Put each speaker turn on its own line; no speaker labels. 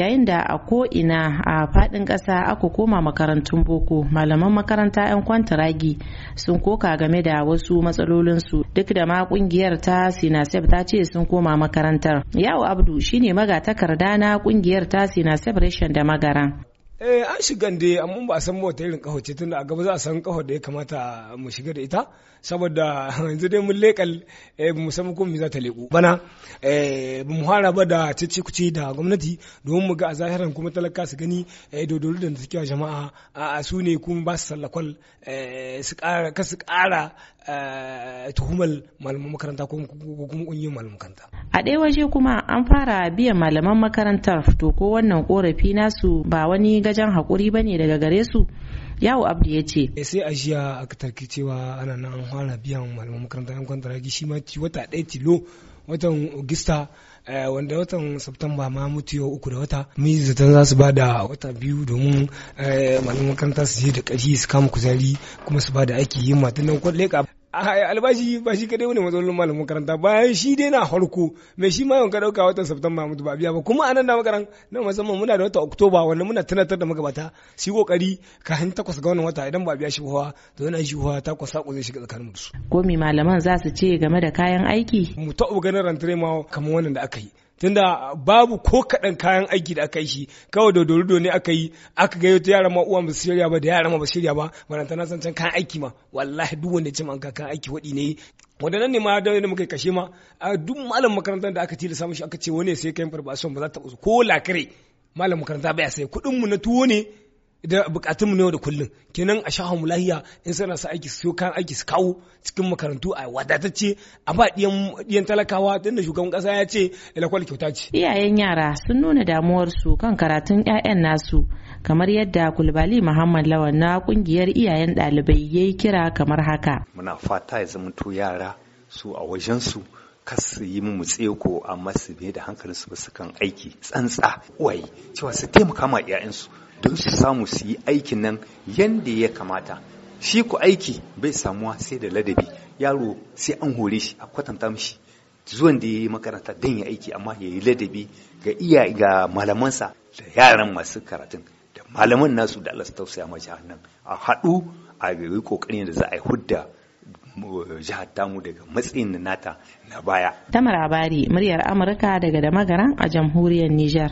yayin da a ko'ina a faɗin ƙasa aka koma makarantun boko malaman makaranta 'yan kwantaragi sun koka game da wasu matsalolinsu duk da ma ƙungiyar ta sinasef ta ce sun koma makarantar yawo abdu shine magatakarda na ƙungiyar ta sinasef reshen da magaran
eh an shigan dai amma ba a san wata irin kaho ce tunda a gaba za a san kaho da ya kamata mu shiga da ita saboda yanzu dai mun lekal eh mu san kuma za ta leku bana eh mu fara ba da cici da gwamnati domin mu ga a zahiran kuma talaka su gani eh dodoro da suke jama'a a su ne kuma ba su sallakwal eh, su kara ka su kara eh, tuhumal malaman makaranta ko kuma kungiyoyin malaman makaranta
a ɗaya waje kuma an fara biyan malaman makarantar to ko wannan korafi nasu ba wani gajen haƙuri ba ne daga gare su yawo abdu ya
ce eh, sai a jiya aka tarki cewa ana nan an fara biyan malaman makarantar yan kwantaragi shi ma wata ɗaya tilo watan ogista eh, wanda watan Septemba ma mutu yau uku da wata mun zaton za su ba da wata biyu domin eh, malaman makarantar su je da ƙarfi su kama kuzari kuma su ba da aiki yin matan nan kwalle ka A albashi ba shi kadai wani matsalolin malamin makaranta bayan shi dai na harko mai shi ma yawan ka dauka watan Septemba mutu ba biya ba kuma anan da makaran na musamman muna da wata Oktoba wanda muna tunatar da magabata su yi kokari kafin takwas ga wannan wata idan ba biya shi ba to yana shi ba takwas sako zai shiga tsakanin su
ko mi malaman za su ce game da kayan
aiki mu ta ganin rantare ma kamar wannan da aka yi tunda babu ko kaɗan kayan aiki da aka yi shi kawai da dodo ne aka yi aka gayo ta yara ma uwan ba su shirya ba da yara ma ba shirya ba maranta na san can kayan aiki ma wallahi duk wanda ce ka kayan aiki waɗi ne wadannan ne ma da muka kashe ma duk malam makarantar da aka tilasta shi aka ce wani sai kayan farfasuwan ba za ta ko lakare malam makaranta baya sai kuɗin mu na tuwo ne da bukatun mu ne da kullum kenan a sha mu lahiya in suna sa aiki su kan aiki su kawo cikin makarantu a wadatacce a ba diyan talakawa tun da shugaban ƙasa ya ce ilakwal kyauta ce iyayen
yara sun nuna damuwarsu kan karatun 'ya'yan nasu kamar yadda kulbali muhammad lawan na kungiyar iyayen ɗalibai ya yi kira kamar haka
muna fata ya zamanto yara su a wajen su. kasu yi mu tseko amma su bai da hankali su su kan aiki tsantsa wai cewa su taimaka ma 'ya'yansu don su samu su yi aikin nan yadda ya kamata shi ku aiki bai samuwa sai da ladabi yaro sai an hore shi a kwatanta mishi zuwan da ya yi makaranta don ya aiki amma ya yi ladabi ga iya ga malamansa da yaran masu karatun da malaman nasu da Allah su tausaya ma jihar a haɗu a yi ƙoƙarin da za a yi hudda Eh, jihar tamu daga matsayin nata na baya.
Tamar Abari, muryar Amurka daga damagaran a jamhuriyar Nijar.